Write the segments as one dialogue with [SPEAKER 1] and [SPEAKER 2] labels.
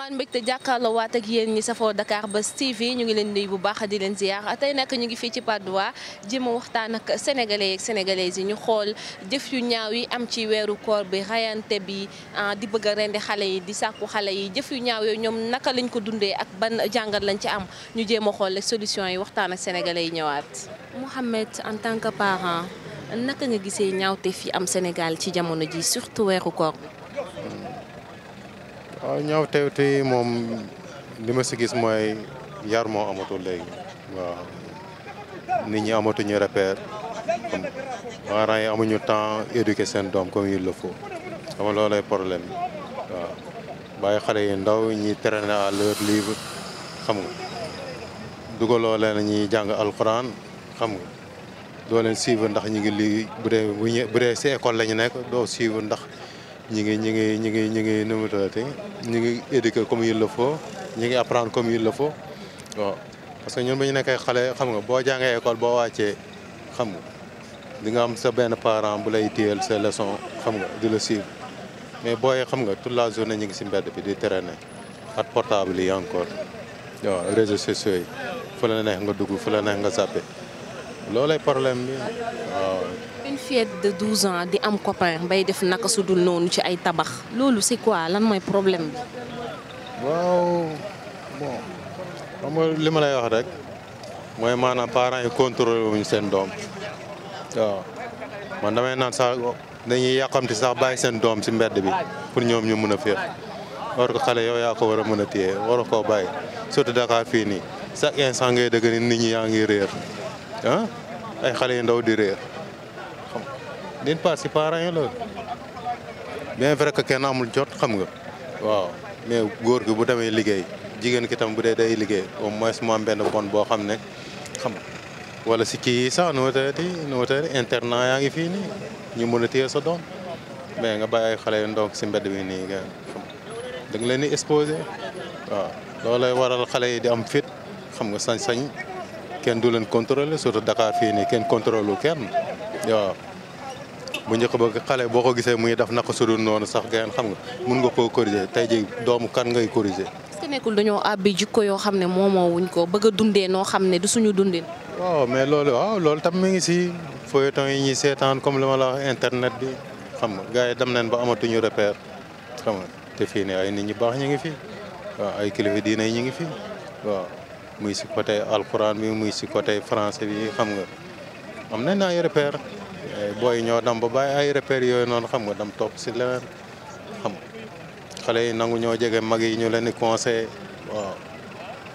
[SPEAKER 1] amaat mbégte jàkkaarloo waat ak yéen ñi safoo Dakar Buzz TV ñu ngi leen nuyu bu baax di leen ziar tey nag ñu ngi fii ci Patte d'Oie jéem a waxtaan ak sénégalais ak sénégalaises yi ñu xool jëf yu ñaaw yi am ci weeru koor bi rayante bi ah, di bëgg a rendi xale yi di sàkku xale yi jëf yu ñaaw yooyu ñoom naka lañ ko dundee ak ban jàngat lañ ci am ñu jéem a xool solution yi waxtaan ak sénégalais yi ñëwaat. Mouhamed en tant que parent naka nga gisee ñaawte fi am Sénégal ci jamono ji surtout weeru koor
[SPEAKER 2] waaw ñaaw teewte yi moom li ma si gis mooy yar moo amatu léegi waaw nit ñi amatuñu repère comme yi amuñu temps éduquer seen doom comme il le faut xam problème bi waaw bàyyi xale yi ndaw ñi traîner à l'heure libre xam nga dugaloo leen ñuy jàng alxuraan xam nga doo leen suivre ndax ñu ngi lii bu dee bu dee si école la ñu nekk doo suivre ndax. ñu ngi ñu ngi ñu ngi ñu ngi nu mu tuddati ñu ngi éduquer comme il le faut ñu ngi apprendre comme il le faut waaw parce que ñun bu ñu nekkee xale xam nga boo jàngee école boo wàccee xam nga di nga am sa benn parent bu lay téyel sa leçon xam nga di la suivre mais booy xam nga toute la journée ñu ngi si mbedd bi di traîner at portable yi encore waaw réseaux sociaux yi fu la neex nga dugg fu la neex nga zappé loolay problème bi waaw.
[SPEAKER 1] fillette de 12 ans di am copain bay def naka su dul noonu ci ay tabax loolu c'est quoi lan mooy problème bi.
[SPEAKER 2] waaw bon xam li ma lay wax rek mooy maanaam parent yi contrôlé wuñ seen doom waaw man damay naan sax dañuy yàqamti sax bàyyi seen doom ci mbedd bi pour ñoom ñu mun a féex war ko xale yow yaa ko war a mën a téye waroo ko bàyyi surtout Dakar fii nii sax instant ngay dëgg ni nit ñi yaa ngi réer ah ay xale yu ndaw di réer. d'une part si parents yi la bien vrai que kenn amul jot xam nga waaw mais góor gi bu demee liggéey jigéen ki tam bu dee day liggéey au moins mu am benn bon boo xam ne xam wala si kii yi sax nu ma tëddee nu ma tëddee internat yaa ngi fii ñu mën a téye sa doom mais nga bàyyi xale yu ndonk si mbedd bi nii nga xam leen di exposé waaw loolay waral xale yi di am fit xam nga sañ-sañ kenn du leen contrôler surtout Dakar fii nii kenn contrôle lu kenn waaw. bu njëkk ba xale boo ko gisee muy def naka sudul noonu sax gayeen xam nga mun nga koo corriger tey ji doomu kan ngay corriger.
[SPEAKER 1] est-ce que nekkul dañoo àbbi jikko yoo xam ne moomoo wuñ ko bëgg dundee noo xam ne du suñu dundin.
[SPEAKER 2] waaw oh, mais loolu waaw loolu tam mi ngi si feuilleton yi ñuy seetaan comme li ma la internet bi xam nga gars yi dem nañ ba amatuñu repère xam nga te fii ay nit ñu baax ñu ngi fi waaw ay kilifa diine yi ñu ngi fi waaw muy si côté alxuraan bi muy si côté français bi xam nga am nañ ay repère. Eh, booy ñoo dam ba ay repères yooyu noonu xam nga dam topp si leneen xam xale yi nangu ñoo jege mag yi ñu leen di conseillé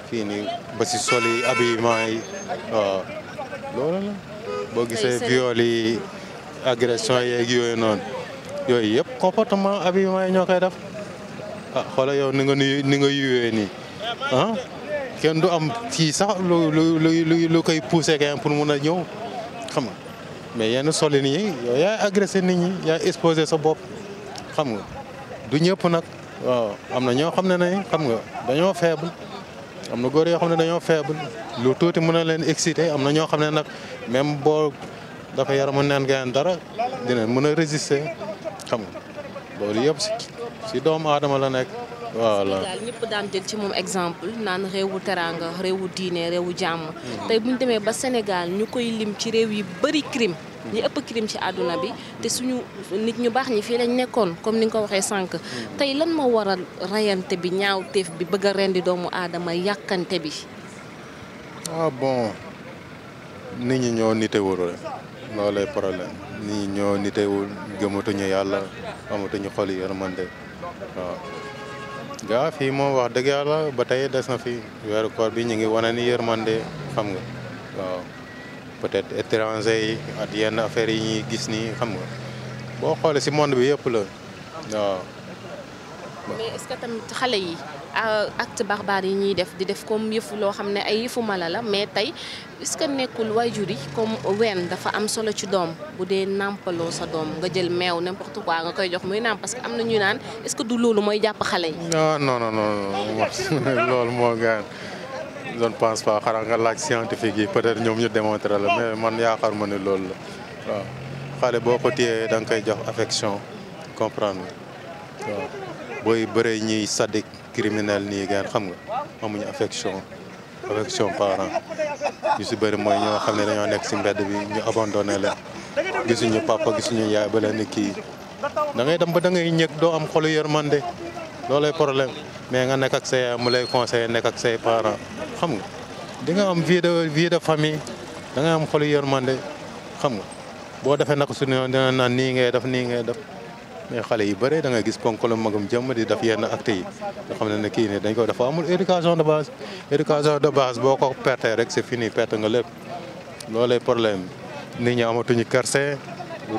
[SPEAKER 2] fii nii ba si sol yi habillement yi waaw loolu la boo gisee viol yi agression yeeg yooyu noonu yooyu yëpp comportement habillement yi ñoo koy def ah xoolal yow ni nga nuyu ni nga yuwee nii ah kenn du am fii sax lu lu lu lu koy poussé kenn pour mun a ñëw xam nga mais yenn solin yi yow yaay agressé nit ñi yaay exposé sa bopp xam nga du ñëpp nag waaw am na ñoo xam ne ne xam nga dañoo faible am na góor yoo xam ne dañoo faible lu tuuti mën na leen excité am na ñoo xam ne nag même boo dafa yaramu neen gaan dara dinañ mën a résister xam nga loolu yëpp si si doomu aadama la nekk. voilà Sénégal
[SPEAKER 1] ñëpp daan jël ci moom exemple naan réewu teraanga réewu diine réewu jàmm. Hmm. tey bu ñu demee ba Sénégal ñu koy lim ci réew yi bari crime. ñi ëpp crime ci àdduna bi hmm. te suñu nit ñu baax ñi fii lañ nekkoon comme ni nga ko waxee sànq. Hmm. tey lan moo waral rayante bi ñaaw ñaawteef bi bëgg a rendi doomu aadama yàkkante bi.
[SPEAKER 2] Ah bon nit ñu ñoo nitewul rek loolee problème nit ñi ñoo nitewul gëmatuñu yàlla amatuñu xol yi yërmande waaw. gaa fii moom wax dëgg yàlla ba tey des na fii weeru koor bi ñu ngi wane ni yërmande xam nga waaw peut-être étranger yi ak yenn affaires yi ñuy gis nii xam nga boo xoole si monde bi yëpp la waaw.
[SPEAKER 1] mais est tamit xale yi. Euh, acte barbare yi ñuy def di def comme yëfu loo xam ne ay yëfu mala la mais tey est que nekkul waajur yi comme ween dafa am solo ci doom bu dee nàmpaloo sa doom nga jël meew n'importe quoi nga koy jox muy nàmp parce que am na ñu naan est que du loolu mooy jàpp xale yi.
[SPEAKER 2] non non non non loolu moo gaan je ne pense pas xanaa nga laaj scientifique yi peut-être ñoom ñu démontrer la mais man yaakaar ma ne loolu la waaw xale boo ko téyee danga koy jox affection comprendre waaw. booy bëree ñuy sadik criminel nii gaan xam nga amuñu affection affection parent ñu si bëri mooy ñoo xam ne dañoo nekk si mbedd bi ñu abandonné leen gisuñu papa gisuñu yaay ba leen kii da ngay dem ba da ngay ñëg doo am xolu loolu loolay problème mais nga nekk ak say mu lay conseiller nekk ak say parent xam nga di nga am vie de de famille da ngay am xolu mande xam nga boo defee naka suñu dina naan nii ngay def nii ngay def mais xale yu bëre da ngay gis ponkalam magam jëmm di def yenn acte yi nga xam ne ne kii ne dañ ko dafa amul éducation de base éducation de base boo ko perte rek c'est fini perte nga lépp loolay problème nit ñi amatuñu kerse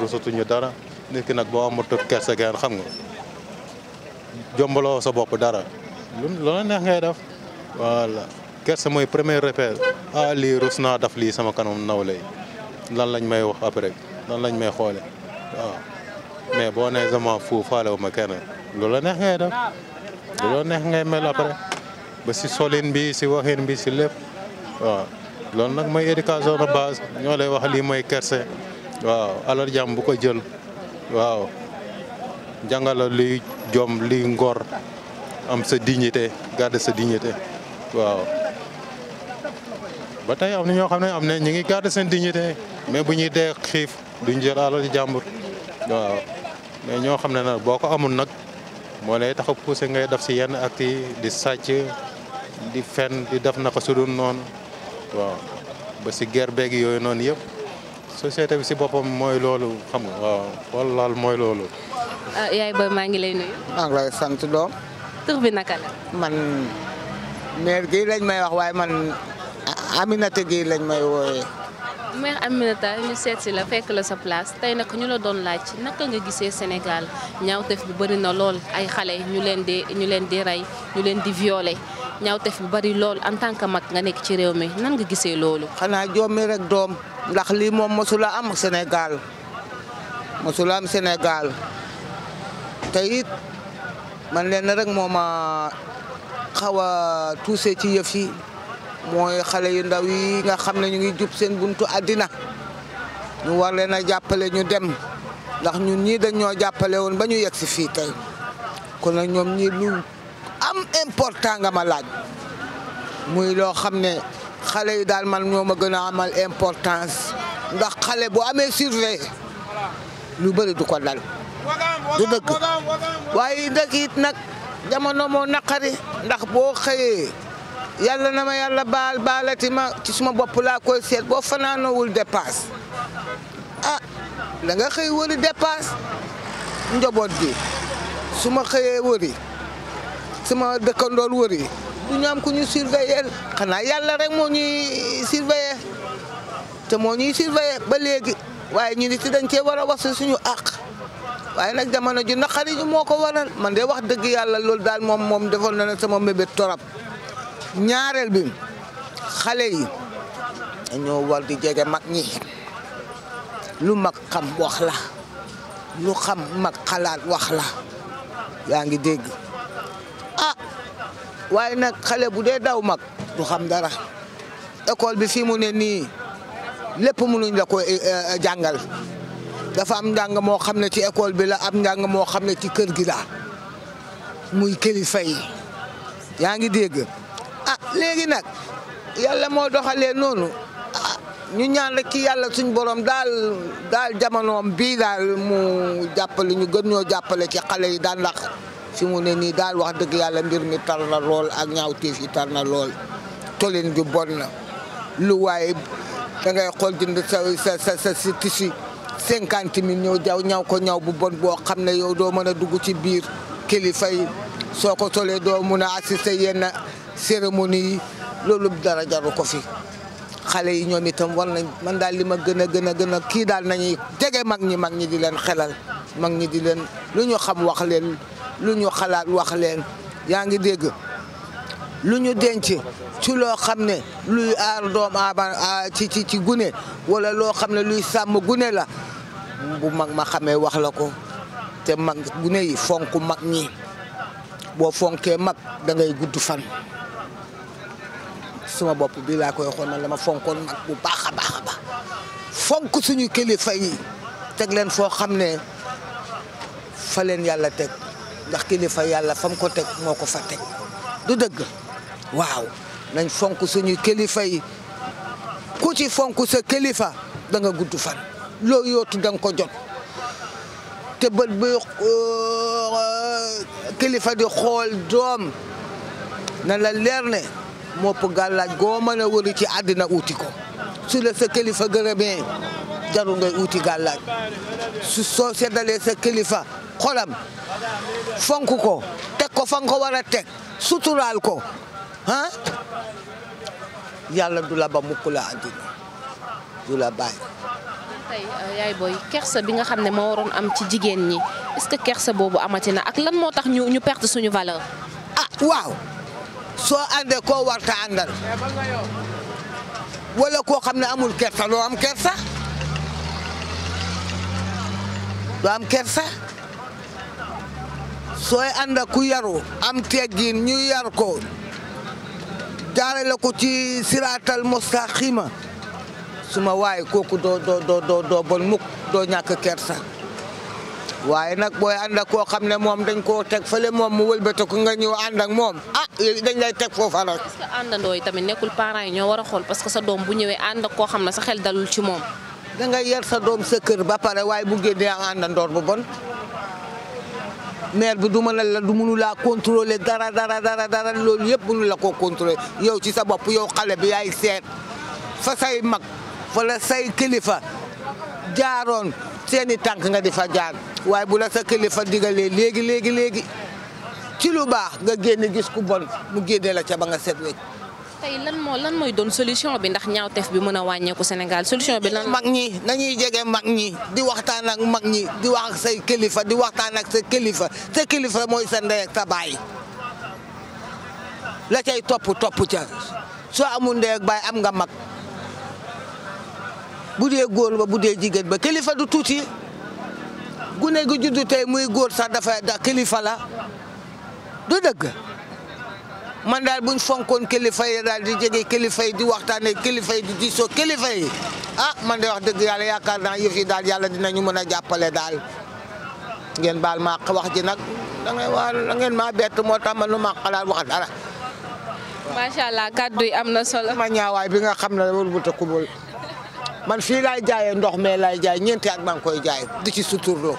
[SPEAKER 2] rusatuñu dara nit nag boo amatul kerse gaan xam nga jombaloo sa bopp dara loola neex ngay def voilà kerse mooy premier repère ah lii rus naa daf lii sama kanam nawlay lan lañ may wax après lan lañ may xoole mais boo nee sama fu faalewu ma kenn lu la neex ngay def lu la neex mel après ba si solin bi si waxin bi si lépp waaw loolu nag mooy éducation de base ñoo lay wax lii mooy kerse waaw alal jàmm bu ko jël waaw jàngala luy jom luy ngor am sa dignité garder sa dignité waaw ba tey am na ñoo xam ne am na ñu ngi garder seen mais bu ñuy dee xiif duñ jël alal jàmbur waaw mais ñoo xam ne nag boo ko amul nag moo lay tax a ngay def si yenn ak yi di sacc di fen di def na su dul noonu waaw ba si guerre beeg yooyu noonu yëpp société bi si boppam mooy loolu xam nga waaw wallaal mooy loolu.
[SPEAKER 1] Ah, yaay booy maa ngi lay nuyu. maa ngi lay sant doom. tur bi naka la.
[SPEAKER 3] man maire gii lañ may wax waaye man Aminata gii lañ may wooyee.
[SPEAKER 1] mère Aminata ñu seet si la fekk la sa place tey nag ñu la doon laaj naka nga gisee Sénégal ñaawteef bi bari na lool ay xale ñu leen di ñu leen di rey ñu leen di violer ñaawteef bi bari lool en tant que mag nga nekk ci réew mi nan nga gisee loolu. xanaa
[SPEAKER 3] jommi rek doom ndax lii moom mosula am Sénégal mosula am Sénégal te it man leen rek moom ma xaw a tuuse ci yëf yi. mooy xale yu ndaw yi nga xam ne ñu ngi jub seen buntu àddina ñu war leen a jàppale ñu dem ndax ñun ñii dañ ñoo jàppale woon ba ñu yegg si fii tey kon nag ñoom ñii lu am important nga ma laaj muy loo xam ne xale yi daal man ñoo ma gën a amal importance ndax xale bu amee surveillé lu bëri du ko dal waaye dëgg it nag jamono moo naqari ndax boo xëyee. yàlla na ma yàlla baal baalati ma ci suma bopp laa koy seet boo fanaanoowul dépasse ah da nga xëy wëri dépasse njaboot gi su ma xëyee wëri sama dëkkandool wëri du ñu am ku ñu surveiller xanaa yàlla rek moo ñuy surveiller te moo ñuy surveiller ba léegi waaye ñu nit dañ cee war a wasu suñu àq waaye nag jamono ju naqari ñu moo ko waral man dee wax dëgg yàlla loolu daal moom moom defoon na sama mébét torop ñaareel bi xale yi dañoo war di jege mag ñi lu mag xam wax la lu xam mag xalaat wax la yaa ngi dégg ah waaye nag xale bu dee daw mag du xam dara école bi fii mu ne nii lépp mënuñ la ko eh, eh, jàngal dafa am njàng moo xam ne ci école bi la am njàng moo xam ne ci kër gi la muy kilifa yi yaa ngi dégg ah léegi nag yàlla moo doxalee noonu ah, ñu ñaan rek yàlla suñ borom daal daal jamonoom bii daal mu jàppale ñu gën ñoo jàppale ci xale yi daal ndax fi mu ne nii daal wax dëgg yàlla mbir mi tar na lool ak ñaaw tiif yi tar na lool tolin gi bon na lu waaye da ngay xool jënd sa sa si sa sa tissu cinquante mille ñëw jaw ñaw ko ñaw bu bon boo xam ne yow doo mën a dugg ci biir kilifa yi soo ko solee doo mun a assister yenn cérémonie yi loolu dara jaru ko fi xale yi ñoom itam war nañ man daal li ma gën a gën a gën a kii daal nañuy jege mag ñi mag ñi di leen xelal mag ñi di leen lu ñu xam wax leen lu ñu xalaat wax leen yaa ngi dégg lu ñu denc ci loo xam ne luy aar doom aaba ci ci ci gune wala loo xam ne luy sàmm gune la bu mag ma xamee wax la ko te mag gune yi fonk mag ñi boo fonkee mag dangay gudd fan suma bopp bi laa koy xool na la fonkoon mag bu baax a baax fonk suñu kilifa yi teg leen foo xam ne fa leen yàlla teg ndax kilifa yàlla fa mu ko teg moo ko fa teg du dëgg waaw nañ fonk suñu kilifa yi ku ci fonk sa kilifa danga nga gudd fan loo yootu da ko jot te bët bi euh, kilifa di xool doom na la leer ne mopp gàllaaj goo mën a wëri ci àddina uuti ko su sa kilifa gërëmee jaru ngay uuti gàllaaj su soo seddalee sa kilifa xolam fonk ko teg ko fa ko war a teg suturaal ko ah yàlla du la ba mukk la àddina du la bàyyi.
[SPEAKER 1] tey euh, booy kersa bi nga xam ne moo waroon am ci jigéen ñi est kerse boobu amati na ak lan moo tax ñu ñu perte suñu valeur.
[SPEAKER 3] ah waaw. soo àndee koo warta àndal wala koo xam ne amul kersa doo am kersa doo am kersa soo ànd ku yaru am teggin ñu yar ko jaarale ko ci siraatal mustaqima suma waay kooku doo doo doo bon mukk doo ñàkk kersa waaye nag booy ànd ak koo xam ne moom dañ koo teg fële moom mu wëlbatiku nga ñëw ànd ak moom ah dañ lay teg foofa rek.
[SPEAKER 1] est yi tamit nekkul parents yi ñoo war xool parce que sa doom bu ñëwee ànd ak koo xam ne sa xel dalul ci moom.
[SPEAKER 3] da ngay yar sa doom sa kër ba pare waaye bu génnee àndandoor bu bon maire bi du mën a la du mënu laa contrôler dara dara dara dara loolu yëpp mënu la koo contrôler yow ci sa bopp yow xale bi yaay seet fa say mag fa la say kilifa. jaaroon seeni tànk nga di fa jaar waaye bu la sa kilifa digalee léegi léegi léegi ci lu baax nga génne gis ku bon mu génne la ca ba nga set wecc
[SPEAKER 1] tey lan lan mooy doon solution bi ndax ñaawteef bi mën a wàññeeku senegal solution bi lan. mag ñi nañuy jege mag ñi di waxtaan ak mag ñi di say kilifa
[SPEAKER 3] di waxtaan ak sa kilifa sa kilifa mooy sa ndey ak sa baay la cay topp topp ca soo amul ndey ak baay am nga mag. bu dee góor ba bu dee jigéen ba kilifa du tuuti gune gi juddu muy góor sax dafa da kilifa la du dëgg man daal buñ fonkoon kilifa yi daal di jege kilifa yi di waxtaanee kilifa yi di diisoo kilifa yi ah man de wax dëgg yàlla yaakaar naa yëf yi daal yàlla dinañu mën a jàppale daal ngeen baal ma wax ji nag ngeen maa bett moo tax man nu ma xalaat wax dara.
[SPEAKER 1] macha allah kàddu yi am na solo. ma ñaawaay bi nga xam ne wul bu te kubul
[SPEAKER 3] man fii laay jaayee ndox me laay jaay ñeenti ak maa ngi koy jaay di ci suturloo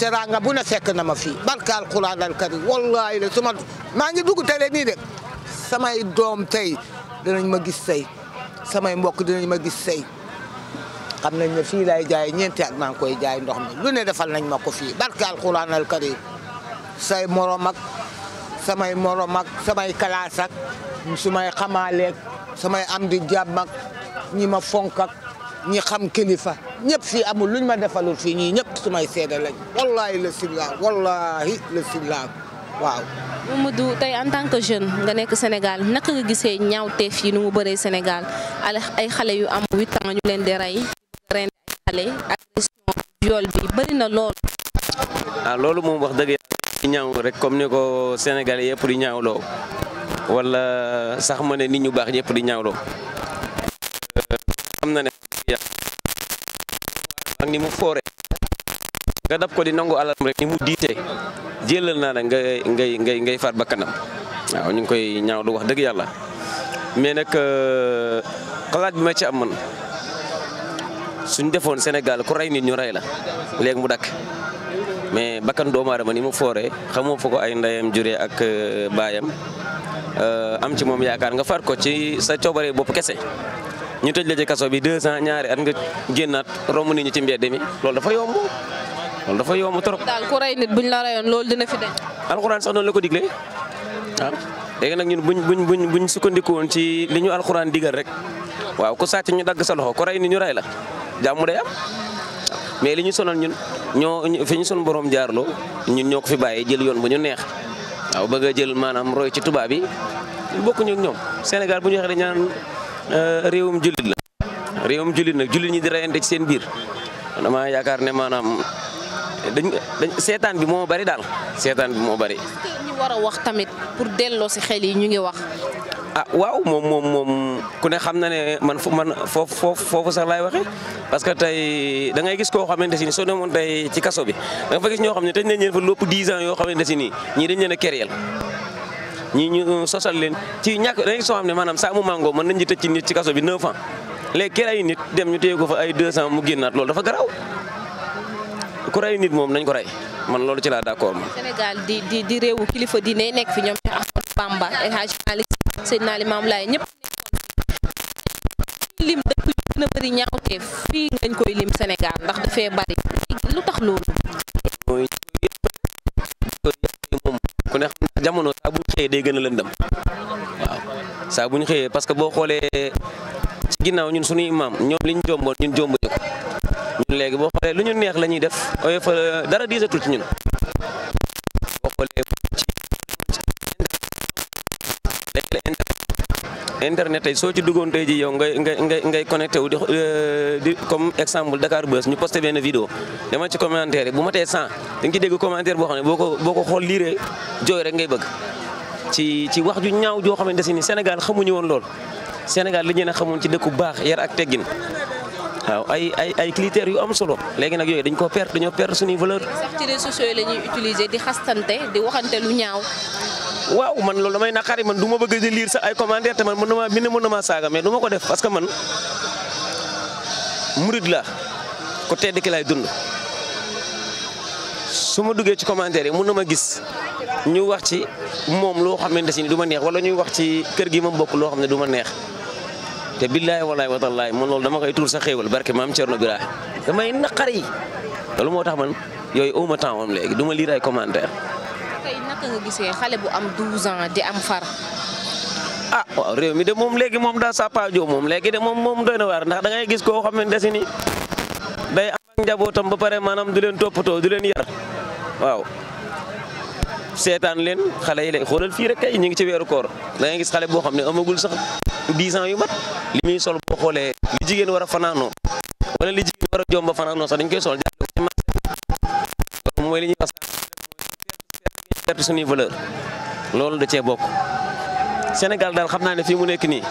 [SPEAKER 3] teraanga bu ne fekk na ma fii barka alquran al karim wallahi la suma maa ngi dugg tele nii de samay doom tey dinañ ma gis tey samay mbokk dinañ ma gis tey xam nañ ne fii laay jaay ñeenti at maa ngi jaay ndox mi lu ne defal nañ ma ko fii barka alquran al karim say morom ak samay morom ak samay kalaasak ak sumay xamaaleeg samay am di jàmm ñi ma fonk ñi xam kilifa ñëpp fii amul luñ ma defalul fii ñii ñëpp sumay seede lañ wallahi la siblaam wallahi la siblaam waaw
[SPEAKER 1] Mamadou tey en tant que jeune nga nekk Sénégal naka nga gisee ñaawteef fii nu mu bëree Sénégal ay xale yu am huit a ñu leen di rey ren ay xale ak bi bëri na lool
[SPEAKER 4] ah loolu moom wax dëgg yàlla ñaaw rek comme ni ko Sénégalais yëpp di ñaawloo wala sax ma ne nit ñu baax yëpp di ñaawloo euh, xam na ne ni mu foore nga dab ko di nangu alal rek ni mu diitee jëlal naa la ngay ngay ngay ngay faat ba kanam waaw ñu ngi koy ñaaw du wax dëgg yàlla mais nag euh, xalaat bi ma ci am man suñ defoon Sénégal ku rey nit ñu rey la léegi mu dakk mais bakkan doomu aadama ni mu fooree xamoo fa ko ay ndeyam juree ak euh, baayam euh, am ci moom yaakaar nga far ko ci sa coobare bopp kese ñu tëj la ci kaso bi deux ans ñaari at nga génnaat romb nit ñi ci mbedd mi loolu dafa yomb loolu dafa yomb trop.
[SPEAKER 1] daal ku rey nit buñ la reyoon loolu dina fi deñ.
[SPEAKER 4] sax noonu la ko diglee waaw léegi nag ñun buñ buñ buñ buñ sukkandiku woon ci li ñu alxuraan digal rek waaw ku sàcc ñu dagg sa loxo ku rey nit ñu rey la jàmm day am. mais li ñu sonal ñun ñoo fi ñu son boroom jaarloo ñun ñoo ko fi bàyyee jël yoon bu ñu neex waaw bëgg a jël maanaam roy ci tubaab yi bokkuñu ak ñoom Sénégal bu ñu waxee dañu naan Euh, réewum jullit la réewum jullit nag jullit ñi di reyante ci seen biir dama yaakaar ne maanaam dañ dañ seetaan bi moo bari daal seetaan bi moo bari.
[SPEAKER 1] ñu wax tamit pour delloo si xel yi ñu ngi wax.
[SPEAKER 4] ah waaw moom moom moom ku ne xam na ne man fu man foofu foofu sax laay waxee parce que tey da ngay gis koo xamante si ni soo demoon tey ci kaso bi da fa gis ñoo xam ne tëj nañ leen fa lépp yoo xamante si nii ñii dañ leen a kéréel. ñi ñu euh, sosal leen ci ñàkk dañuy soo xam ne maanaam saa mu mango mën nañ ci tëj ci nit ci kaso bi 9 ans léegi nit dem ñu téye ko fa ay 200 mu génnaat loolu dafa garaaw ku rey nit moom nañ ko rey man loolu ci laa d'accord ma.
[SPEAKER 1] Sénégal di di di réewu kilifa diine nekk fi ñoom Cheikh Ahmadou Bamba El Hadj Malick Seydina Limamou Laye ñëpp lim dëkk yu gën ñaawteef fii ngañ koy lim Sénégal ndax dafee bari lu tax loolu.
[SPEAKER 4] ku ne jamono saa xëyee day gën a lëndëm waaw saa bu ñu xëyee parce que boo xoolee ci ginnaaw ñun suñuy imaam ñoom liñ jomboon ñun jombuñu ko ñun léegi boo xoolee lu ñu neex la ñuy def dara diisatul ci ñun internet tey soo ci duggoon tey ji yow ngay ngay ngay ngay connecté wu euh, di comme exemple Dakar Buzz ñu posté benn vidéo dama ci commentaire bu ma tee 100 ci dégg commentaire boo xam ne boo ko boo ko xool liiree jooy rek ngay bëgg ci ci wax ju ñaaw joo xamante si ni Sénégal xamuñu woon lool Sénégal li ñu ne xamoon ci dëkku baax yar ak teggin waaw ay ay ay critères yu am solo léegi nag yooyu dañ koo perte dañoo perte suñuy valeur.
[SPEAKER 1] di xastante di waxante lu ñaaw.
[SPEAKER 4] waaw man loolu damay naqari man du ma bëgg di lire sax ay commentaire te man mën na maa bind saaga mais du ko def parce que man la ko tedd ki lay su ma duggee ci commentaire yi mën na ma gis ñu wax ci moom loo xamante ne du ma neex wala ñuy wax ci kër gi ma bokk loo xam ne duma neex te billaahi wallaahi watallaahi man loolu dama koy tuur sa xéewal barke maam Thierno Birahim damay naqari loolu moo tax man yooyu auma temps woon léegi du ma lire ay commentaire
[SPEAKER 1] tey naka nga gisee xale bu am 12 ans di am far.
[SPEAKER 4] ah waaw réew mi de moom léegi moom daa sappaajoo moom léegi de moom moom doy na waar ndax da ngay gis koo xam ne desi ni day am ak ba pare maanaam du leen toppatoo du leen yar waaw. seetaan leen xale yi lay xoolal fii rek kay ñu ngi ci weeru koor da gis xale boo xam ne amagul sax 10 ans yu mat li muy sol boo xoolee li jigéen war a fanaanoo wala li jigéen war a jomba fanaanoo sax dañ koy sol jàll ko ci marché mooy li ñuy wax perte suñuy valeur loolu da cee Sénégal daal xam naa ne fii mu nekk nii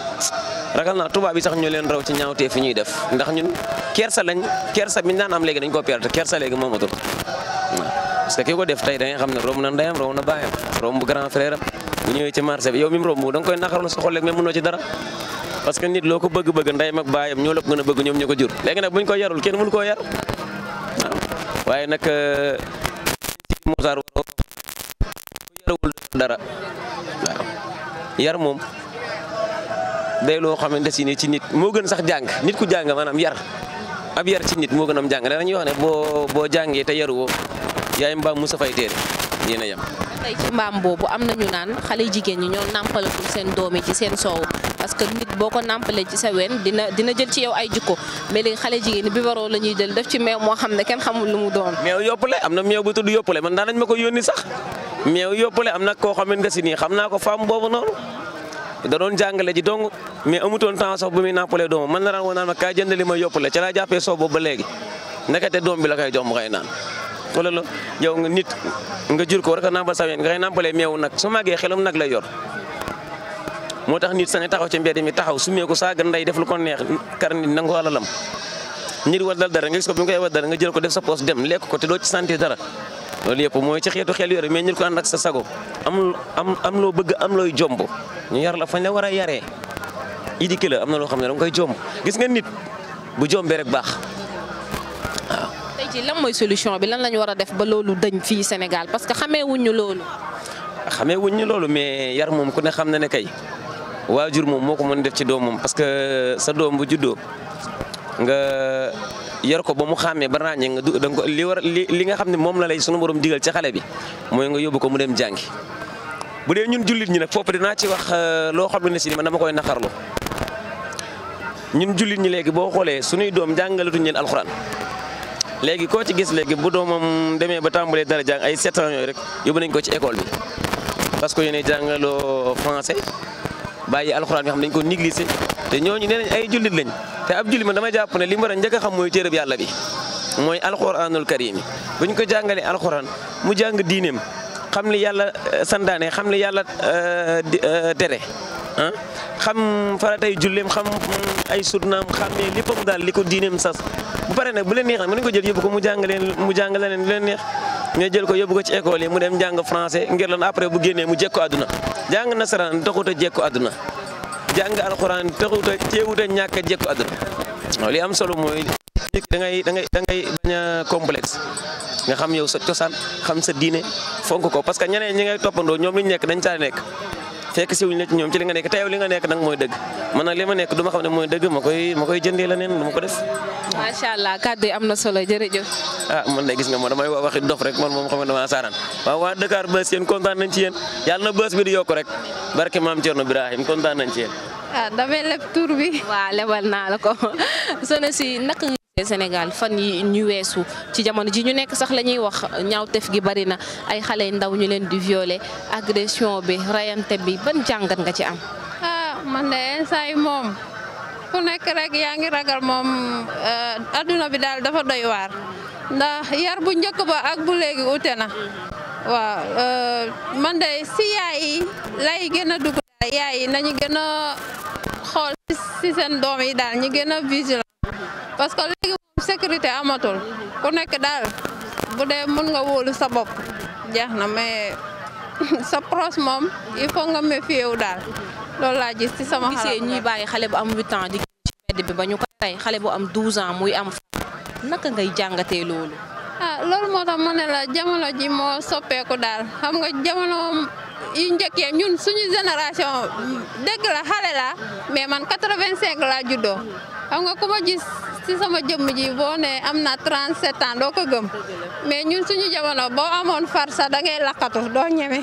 [SPEAKER 4] ragal naa tubaab yi sax ñu leen raw ci ñaawtee fi ñuy def ndax ñun kersa lañ kersa bi ñu daan am dañ koo perte kersa léegi moomatul waaw parce que ki ko def tey da nga xam ne romb na ndeyam romb na baayam romb grand frère am bu ñëwee ci marché bi yow mi mu romb da nga koy naqarlu sa xol léegi mais mënoo ci dara parce que nit loo ko bëgg-bëgg ndeyam ak baayam ñoo lépp gën a bëgg ñoom ñu ko jur léegi nag buñ ko yarul kenn mënu tawul dara waaw yar moom day loo xamante si ni ci nit moo gën sax jàng nit ku jàng maanaam yar ab yar ci nit moo gën am jàng da dañuy wax ne boo boo jàngee te yaruwoo yaay mbaam mu safay téere yéen a yem.
[SPEAKER 1] tey ci mbaam boobu am na nañu naan xale jigéen ñi ñoo nàmpalatul seen doom yi ci seen soow parce que nit boo ko nàmpalee ci sa ween dina dina jël ci yow ay jikko mais léegi xale jigéen ñi bi waroo la ñuy jël def ci meew moo xam ne kenn xamul lu mu doon.
[SPEAKER 4] meew yoppale am na meew bu tudd yoppale man daan ma ko yónni sax. mais yóbbale am nag koo xamante ne si nii xam naa ko femme boobu noonu da doon jàngale ji dong mais amutoon temps sax bu muy nàmpalee doomam man la daan woon naan ma kaay jëndali ma yóbbale ca laa jàppee soo boobu ba léegi nekkate doom bi la koy jox mu koy naan. wala la yow nga nit nga jur ko war a nàmpal sa ween nga koy nàmpalee meewu nag su màggee xelum nag lay yor moo tax nit sañ taxaw ci mbedd mi taxaw sumee ko saaga nday def lu ko neex kar nit nangu alalam. nit war dal dara nga gis ko bi nga koy war dara nga jël ko def sa poos dem lekk ko te doo ci dara. loolu yëpp mooy ci xeetu xel yore mais ñu ko ànd ak sa sago am am loo bëgg am looy jomb ñu yar la fañ la war a yaree idiki la am na loo xam ne danga koy jomb gis nga nit bu jombee rek baax
[SPEAKER 1] waaw. lan mooy solution bi lan la ñu war a def ba loolu dañ fi Sénégal parce que xamee wuñ ñu loolu.
[SPEAKER 4] xamee wuñ ñu loolu mais yar moom ku ne xam na ne kay waajur moom moo ko mën def ci doom moom parce que sa doom bu juddoo. nga yor ko ba mu xàmmee ba ràññee nga du danga ko li war li li nga xam ne moom la lay sunu borom digal ci xale bi mooy nga yóbbu ko mu dem jàngi. bu dee ñun jullit ñi nag foofu dinaa ci wax euh, loo xam ne si man dama koy naqarlu ñun ñi léegi boo xoolee sunuy doom jàngalatuñ leen alxuraan léegi koo ci gis léegi bu doomam demee ba tàmbalee dara jàng ay sept ans yooyu rek yóbbu nañ ko ci école bi parce que yéen jàngaloo français. bàyyi alxuraan bi xam dañ ko négligé te ñooñu nee nañ ay jullit lañ te ab jullit man dama jàpp ne li mu a njëkk xam mooy téereb yàlla bi mooy alxuraanul karim yi bu ko jàngalee alxuraan mu jàng diineem xam li yàlla euh, santaane xam li yàlla euh, euh, tere ah xam faratay julleem xam ay surnaam xam ne léppam daal li ko diineem sas bu pare nag bu leen neex nag mën nañu ko jël yóbbu mu jàng leen mu jàng leen leen neex. ñoo jël ko yóbbu ko ci école yi mu dem jàng français ngir lan après bu génnee mu jekko àdduna jàng nasaraan taxut a jekko àdduna jàng alxuraan taxut a teewut a ñàkk a jekko àdduna waaw li am solo mooy da ngay da ngay da ngay bañ a complexe nga xam yow sa cosaan xam sa diine fonk ko parce que ñeneen ñi ngay toppandoo ñoom li ñu nekk dañ caa nekk fekk si wuñ la ci ñoom ci li nga nekk te nga nekk nag mooy dëgg man nag nekk du ma xam ne mooy dëgg ma koy ma koy ko def.
[SPEAKER 1] macha allah kàddu yi am na solo jërëjëf.
[SPEAKER 4] ah man de gis nga moom damay waxi dof rek man moom xam ne damaa saaraan waaw waa Dakar Buzz yéen kontaan nañ ci yéen yàlla na Buzz bi di yokku rek barke maam Thierno Birahim kontaan nañ ci yéen.
[SPEAKER 1] ah leb tur bi. waaw lebal naa la ko soxna si naka Sénégal fan yi ñu weesu ci jamono ji ñu nekk sax la ñuy wax ñaawtef gi bari na ay xale ndaw ñu leen di violer agression bi rayante bi ban jàngat nga ci am.
[SPEAKER 5] ah man de moom ku nekk rek yaa ngi ragal moom eh, adduna bi daal dafa doy waar ndax yar bu njëkk ba ak bu léegi ute na waaw eh, man de si yaay yi lay gën a dugg yaay yi nañu gën a xool si seen doom yi daal ñu gën a parce que léegi sécurité amatul ku nekk daal bu dee mën nga wóolu sa bopp jeex na mais sa proche moom il faut nga méfier wu daal
[SPEAKER 1] loolu laa gis ci sama bàyyi xale bu am huit ans di ba ñu ko tey xale bu am douze ans muy am naka ngay jàngatee loolu ah loolu moo tax ma ne la jamono
[SPEAKER 5] ji moo soppeeku daal xam nga jamono yu njëkk ñun suñu génération dégg la xale la mais man quatre vingt laa juddoo xam nga ku ma si sama jëmm ji boo ne am na 37 ans doo ko gëm mais ñun suñu jamono boo amoon farsa da ngay lakkatu doo ñeme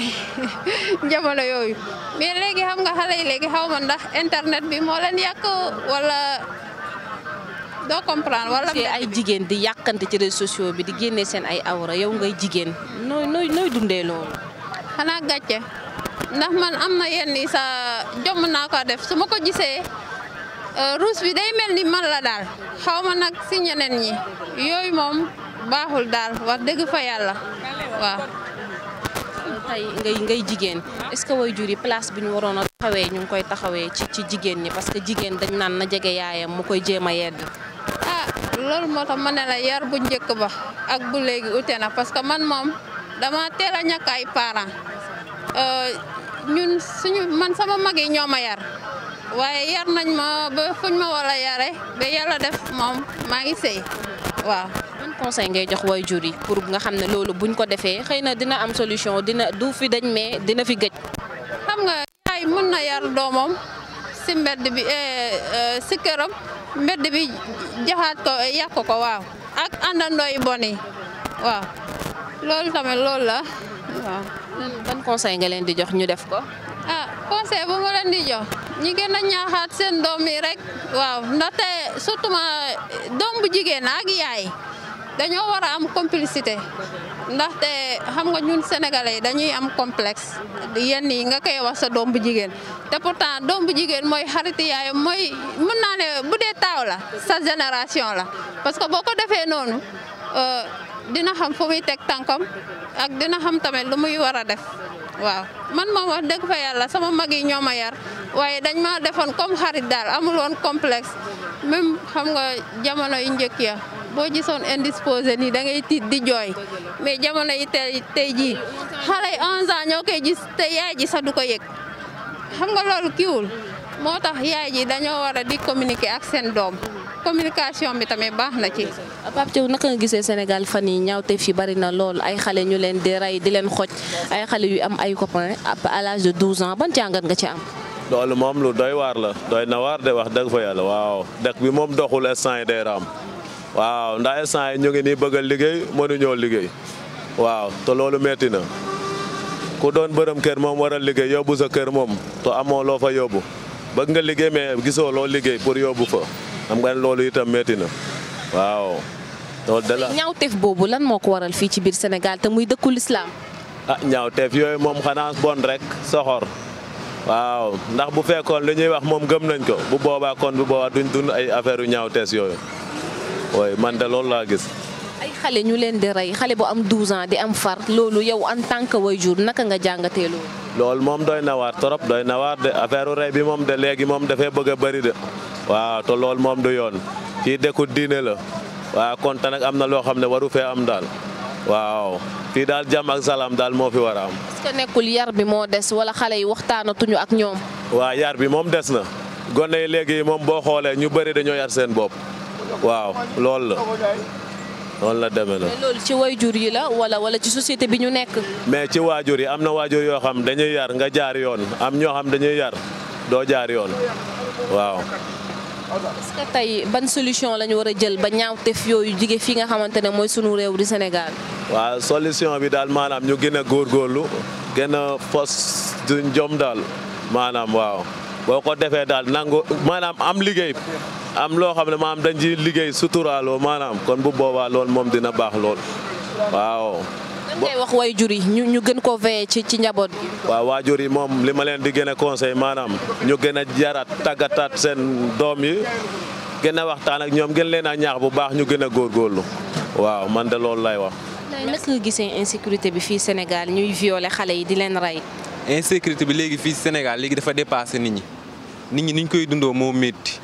[SPEAKER 5] jamono yooyu mais léegi xam nga xale yi léegi xaw ma ndax internet bi moo leen yàq wala
[SPEAKER 1] doo comprendre wala. ay jigéen di yàqante ci réseaux sociaux bi di génne seen ay awra yow ngay jigéen nooy dundee loolu.
[SPEAKER 5] xanaa gàcce ndax man am na yenn sa jomm naa ko def su ma ko gisee. Euh, ruus bi day mel ni man la daal xaw ma nag si ñeneen ñi yooyu moom baaxul daal wax dëgg fa yàlla
[SPEAKER 1] waaw. tey ngay ngay jigéen est-ce que waajur yi place bi ñu waroon a taxawee ñu koy taxawee ci jigéen ñi parce que jigéen dañ naan na jege yaayam mu koy jéem a yedd.
[SPEAKER 5] ah loolu moo tax ma ne la yar bu njëkk ba ak bu léegi ute na parce que man moom dama teel a ñakk ay parents euh, ñun suñu man sama mag yi ñoo ma yar. waaye yar nañ ma ba fuñ ma war a yare ba yàlla def moom maa
[SPEAKER 1] ngi sëy waaw. ban conseil ngay jox way jur yi pour nga xam ne loolu buñ ko defee xëy na dina am solution dina du fi dañ mais dina fi gëj. xam nga yaay mën
[SPEAKER 5] na yar doomam si mbedd bi eh, eh, si këram mbedd bi jaxaat ko yàq ko waaw ak àndandoo yu bon yi waaw loolu tamit loolu la waaw. ban
[SPEAKER 1] conseil nga leen di jox ñu def ko.
[SPEAKER 5] Ah, conseil bu nga leen di jox ñi gën a ñaaxaat seen doom yi rek waaw ndaxte surtout ma doom bu jigéen ak yaay dañoo war a am complicité ndaxte xam nga ñun sénégalais yi dañuy am complexe yenn yi nga kay wax sa doom bu jigéen te pourtant doom bu jigéen mooy xarit yaayam mooy mën naa ne bu dee taaw la sa génération la parce que boo ko defee noonu euh, dina xam fu muy teg tànkam ak dina xam tamit lu muy war a def waaw man moom wax dëgg fa yàlla sama mag yi ñoo ma yar waaye dañ ma defoon comme xarit daal amul woon complexe même xam nga jamono yi njëkk ya boo gisoon indisposé nii da ngay tiit di jooy mais jamono yi tey tey jii xale yi 11 ans ñoo koy gis te yaay ji sax ko yëg xam nga loolu kiwul moo tax yaay ji dañoo war a di communiquer ak seen doom. communication
[SPEAKER 1] bi tamit baax na ci. Pape Thiaw naka nga gisee Sénégal fan yi ñaawteef yi bari na lool ay xale ñu leen di rey di leen xoj ay xale yu am ay copains à l'âge de 12 ans ban jàngat nga ci am.
[SPEAKER 6] loolu moom lu doy waar la doy na waar de wax dëgg fa yàlla waaw dëkk bi moom doxul instant yi day waaw ndax instant yi ñu ngi nii bëgg a liggéey mënuñoo liggéey waaw te loolu metti na ku doon bërëm kër moom war a liggéey yóbbu sa kër moom te amoo loo fa yóbbu bëgg nga liggéey mais gisoo loo liggéey pour yóbbu fa. xam nga loolu itam métti na waaw. loolu de la
[SPEAKER 1] ñaawteef boobu lan moo ko waral fii ci biir Sénégal te muy dëkku lislaam
[SPEAKER 6] ah ñaawteef yooyu moom xanaa bon rek soxor. waaw ndax bu fekkoon li ñuy wax moom gëm nañ ko bu boobaa koon bu boobaa duñ dund ay affaire yu ñaawtees yooyu waaye man de loolu laa gis.
[SPEAKER 1] ay xale ñu leen di rey xale bu am 12 ans di am far loolu yow en tant que jour naka nga jàngatee loolu.
[SPEAKER 6] loolu moom doy na waar trop doy na waar de affaire rey bi moom de léegi moom dafay bëgg a bëri de. waaw to loolu moom du yoon fii dëkku diine la waaw kontaan ak am na loo xam ne waru fee am daal waaw fii daal jàmm ak salaam daal moo fi war a am.
[SPEAKER 1] est nekkul yar bi moo des wala xale yi waxtaanatuñu ak ñoom.
[SPEAKER 6] waa yar bi moom des na gone yi léegi moom boo xoolee ñu bari dañoo yar seen bopp waaw loolu la noonu la demee nag.
[SPEAKER 1] loolu ci waajur yi la wala wala ci société bi ñu nekk.
[SPEAKER 6] mais ci waajur yi am na waajur yoo xam dañuy yar nga jaar yoon am ñoo xam dañuy yar doo jaar yoon
[SPEAKER 1] est tey ban solution la ñu war a jël ba ñaawteef yooyu jige fii nga xamante ne mooy sunu réew di Sénégal.
[SPEAKER 6] waaw solution bi daal maanaam ñu gën a góorgóorlu gën a fos du njom daal maanaam waaw boo ko defee daal nangu maanaam am liggéey am loo xam ne maanaam dañ ci liggéey suturaaloo maanaam kon bu boobaa lool moom dina baax lool waaw. lan ngay
[SPEAKER 1] wax waajur yi ñu ñu gën koo veillé ci ci njaboot
[SPEAKER 6] gi. waaw waajur yi moom li ma leen di gën a conseil maanaam ñu gën a jaraat tàggataat seen doom yi gën a waxtaan ak ñoom gën leen a ñaax bu baax ñu gën a góor góorlu waaw man de loolu lay wax.
[SPEAKER 1] naka nga gisee insécurité bi fii Sénégal ñuy violer xale yi di leen rey.
[SPEAKER 6] insécurité bi léegi fii Sénégal léegi dafa
[SPEAKER 7] dépassé nit ñi nit ñi niñ koy dundoo moo métti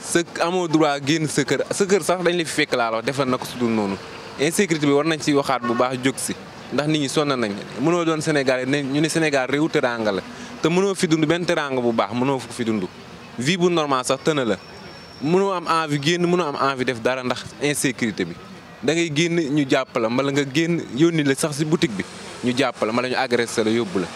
[SPEAKER 7] sa amoo droit génn sa kër sa kër sax dañ la fi fekk laa wax defal na ko su noonu. insécurité bi war nañ ci waxaat bu baax jóg si ndax nit ñi sonn nañ mënoo doon Sénégal ñu ne Sénégal réew teraanga la te mënoo fi dund benn teraanga bu baax mënoo fi dund vie bu normal sax tëna la mënoo am envie génn mënoo am envie def dara ndax insécurité bi da ngay génn ñu jàpp la mbala nga génn yónni la sax si boutique bi ñu jàpp la mbala ñu agressé la yóbbu la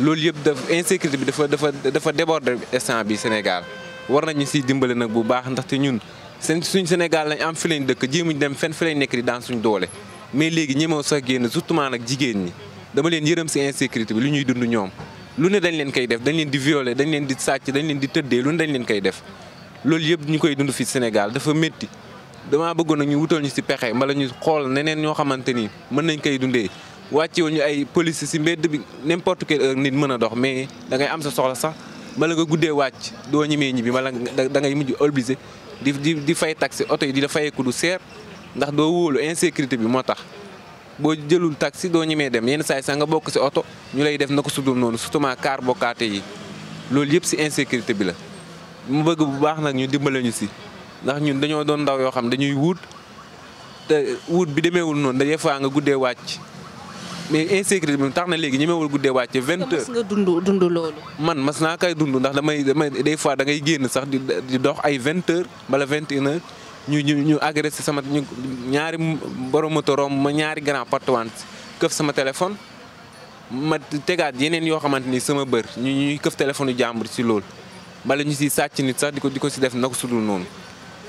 [SPEAKER 7] loolu yëpp daf insécurité bi dafa dafa dafa déborder instant bi Sénégal war nañu siy dimbale nag bu baax ndaxte ñun seen suñu Sénégal lañ am fi lañ dëkk jéemuñ dem fenn fi lañ nekk di daan suñ doole mais léegi ñemew sax génn surtout nag jigéen ñi dama leen yërëm si insécurité bi lu ñuy dund ñoom lu ne dañ leen koy def dañ leen di violer dañ leen di sàcc dañ leen di tëddee lu ne dañ leen koy def loolu yëpp ñu koy dund fi Sénégal dafa métti damaa bëggoon nag ñu wutal ñu si pexe mbala ñu xool neneen ñoo xamante ni mën nañ koy dundee wàccewul ñu ay police si mbedd bi n'importe quelle mën a dox mais da ngay am sa soxla sax bala nga guddee wàcc doo ñemee ñibbi wala da ngay mujj obligé di di di fay taxi oto yi di da fayeeku du seer ndax doo wóolu insécurité bi moo tax boo jëlul taxi doo ñemee dem yenn saay sax nga bokk si oto ñu lay def na ko sudul noonu surtout car bokkaate yi loolu yëpp si insécurité bi la mu bëgg bu baax nag ñu dimbale ñu si ndax ñun dañoo doon ndaw yoo xam dañuy wuut te wuut bi demeewul noonu des fois nga guddee wàcc mais insécurité bi tax na léegi ñemewul guddee wàcc vingt heures
[SPEAKER 1] nga dund dund loolu
[SPEAKER 7] man mas naa kay dund ndax damay damay des fois da ngay génn sax di dox ay vingt heures bala vingt et ñu ñu ñu agressé sama ñu ñaari borom moto romb ma ñaari grand portewant këf sama téléphone ma tegaat yeneen yoo xamante ni sama bër ñu ñuy këf téléphone jàmbur si lool bala ñu si sàcc nit sax di ko di ko si def na naka sudul noonu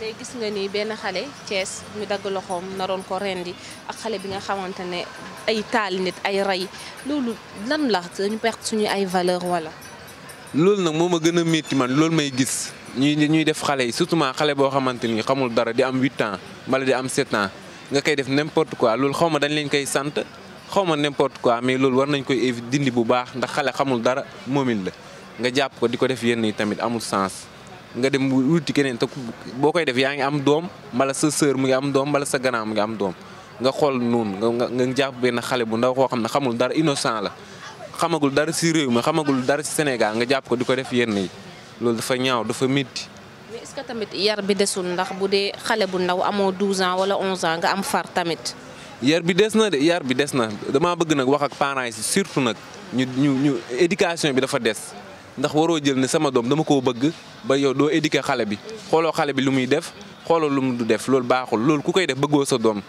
[SPEAKER 1] mais gis nga ni benn xale Thiès ñu dagg loxoom naroon ko rendi ak xale bi nga xamante ne ay taal nit ay rey loolu lan la dañu perte suñu ay valeur wala.
[SPEAKER 7] loolu nag moom a gën a métti man loolu may gis ñuy ñuy def xale yi surtout xale boo xamante ni xamul dara di am huit ans wala di am sept ans nga koy def n'importe quoi loolu xaw ma dañ leen koy sant xaw ma n'importe quoi mais loolu war nañ koy éviter dindi bu baax ndax xale xamul dara moomil la nga jàpp ko di ko def yenn yi tamit amul sens. nga dem wuti keneen te boo koy def yaa ngi am doom mbala sa sœur mu ngi am doom bala sa grand mu ngi am doom nga xool noonu nga nga jàpp benn xale bu ndaw koo xam ne xamul dara innocent la xamagul dara si réew mi xamagul dara Sénégal nga jàpp ko di ko def yenn yi loolu dafa ñaaw dafa métti.
[SPEAKER 1] mais que tamit yar bi desul ndax bu dee xale bu ndaw amoo 12 ans wala 11 ans nga am far tamit.
[SPEAKER 7] yar bi des na de bi des na damaa bëgg nag wax ak parents yi surtout nag ñu ñu ñu éducation bi dafa des. ndax waroo jël ne sama doom dama koo bëgg ba yow doo éduquer xale bi xooloo xale bi lu muy def xooloo lu mu du def loolu baaxul loolu ku koy def bëggoo sa doom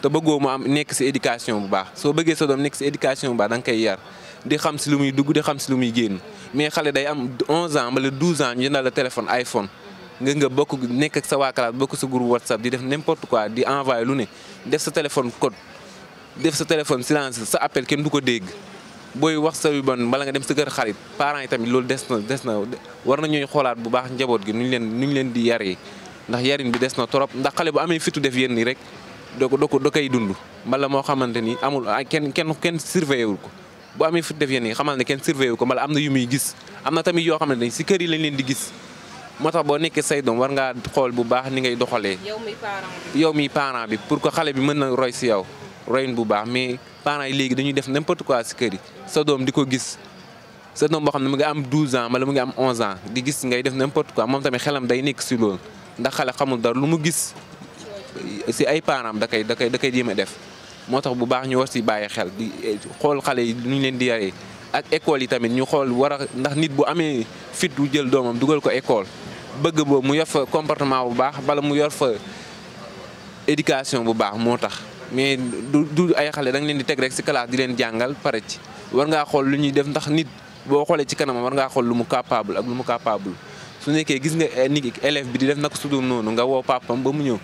[SPEAKER 7] te bëggoo mu am nekk si éducation bu baax soo bëggee sa doom nekk si éducation bu baax da koy yar di xam si lu muy dugg di xam si lu muy génn mais xale day am 11 ans wala 12 ans ñu na la téléphone iPhone nga nga bokk nekk ak sa waa bokk sa groupe WhatsApp di def n'importe quoi di envoyer lu ne def sa téléphone code def sa téléphone silence sa appel kenn du ko dégg. booy wax sa yu bon bala nga dem sa kër xarit parents yi tamit loolu des na des na war na ñuy xoolaat bu baax njaboot gi nu ñu leen nu ñu leen di yaree ndax yarin bi des na trop ndax xale bu amee fitu def yéen nii rek doo ko ko doo koy dund mbala moo xamante ni amul kenn kenn kenn surveillé wul ko bu amee fitu def yéen nii xamal ne kenn surveillé wul ko mbala am na yu muy gis am na tamit yoo xamante ni si kër yi lañ leen di gis moo tax boo nekkee say doom war ngaa xool bu baax ni ngay doxalee yow mi parent bi pour que xale bi mën na roy si yow royin bu baax mais parents yi léegi dañuy def n'importe quoi si kër yi sa doom di ko gis sa doom boo xam ne mu ngi am 12 ans wala mu ngi am 11 ans di gis ngay def n'importe quoi moom tamit xelam day nekk si loolu ndax xale xamul dara lu mu gis si ay parents am da koy da koy da koy jéem a def moo tax bu baax ñu war si bàyyi xel di eh, xool xale yi nu leen di yaree ak école yi tamit ñu xool war a ndax nit bu amee fit wu jël doomam dugal ko école bëgg boobu mu yor fa comportement bu baax bala mu yor fa éducation bu baax moo tax. mais du du ay xale da leen di teg rek si classe di leen jàngal pare ci war ngaa xool lu ñuy def ndax nit boo xoolee ci kanamam war ngaa xool lu mu capable ak lu mu capable su nekkee gis nga eh, nit élève bi di def naka su dul noonu nga woo papam ba mu ñëw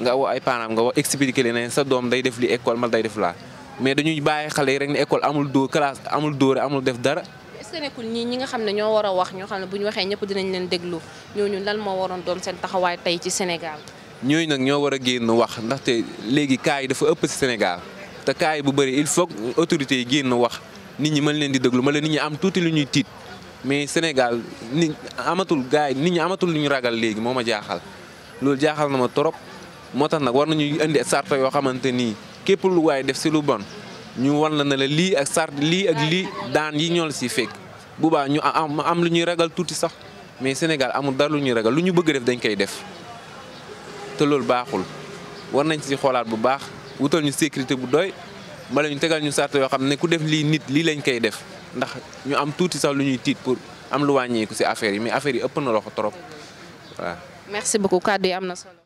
[SPEAKER 7] nga woo ay parents nga woo expliquer leen sa doom day def li école mal day def laa mais dañuy bàyyi xale yi rek ne école amul dóor amul dóore amul def dara.
[SPEAKER 1] est-ce que nekkul ñi nga xam ne ñoo war a wax ñoo xam ne bu ñu waxee ñëpp dinañ leen déglu ñooñu lan moo waroon doon seen taxawaay tey ci Sénégal.
[SPEAKER 7] ñooñu nag ñoo war a génn wax ndaxte léegi cas yi dafa ëpp ci Sénégal te cas yi bu bëri il foog autorités yi génn wax nit ñi mën leen di déglu ma la nit ñi am tuuti lu ñuy tiit mais Sénégal nit amatul gars yi nit amatul lu ñu ragal léegi moo ma jaaxal loolu jaaxal na ma trop moo tax nag war nañu indi sarta yoo xamante nii képp lu waay def si lu bon ñu wan la ne la lii ak sart lii ak lii daan yi ñool si fekk bu baax ñu am am lu ñuy ragal tuuti sax mais Sénégal amul dara lu ñuy ragal lu ñu bëgg def dañ koy def te loolu baaxul war nañ ci xoolaat bu baax wutal ñu sécurité bu doy bala ñu tegal ñu sart yoo xam ne ku def lii nit lii lañ koy def ndax ñu am tuuti sax lu ñuy tiit pour am lu wàññeeku ci affaire yi mais affaire yi ëpp na loxo trop
[SPEAKER 1] waaw.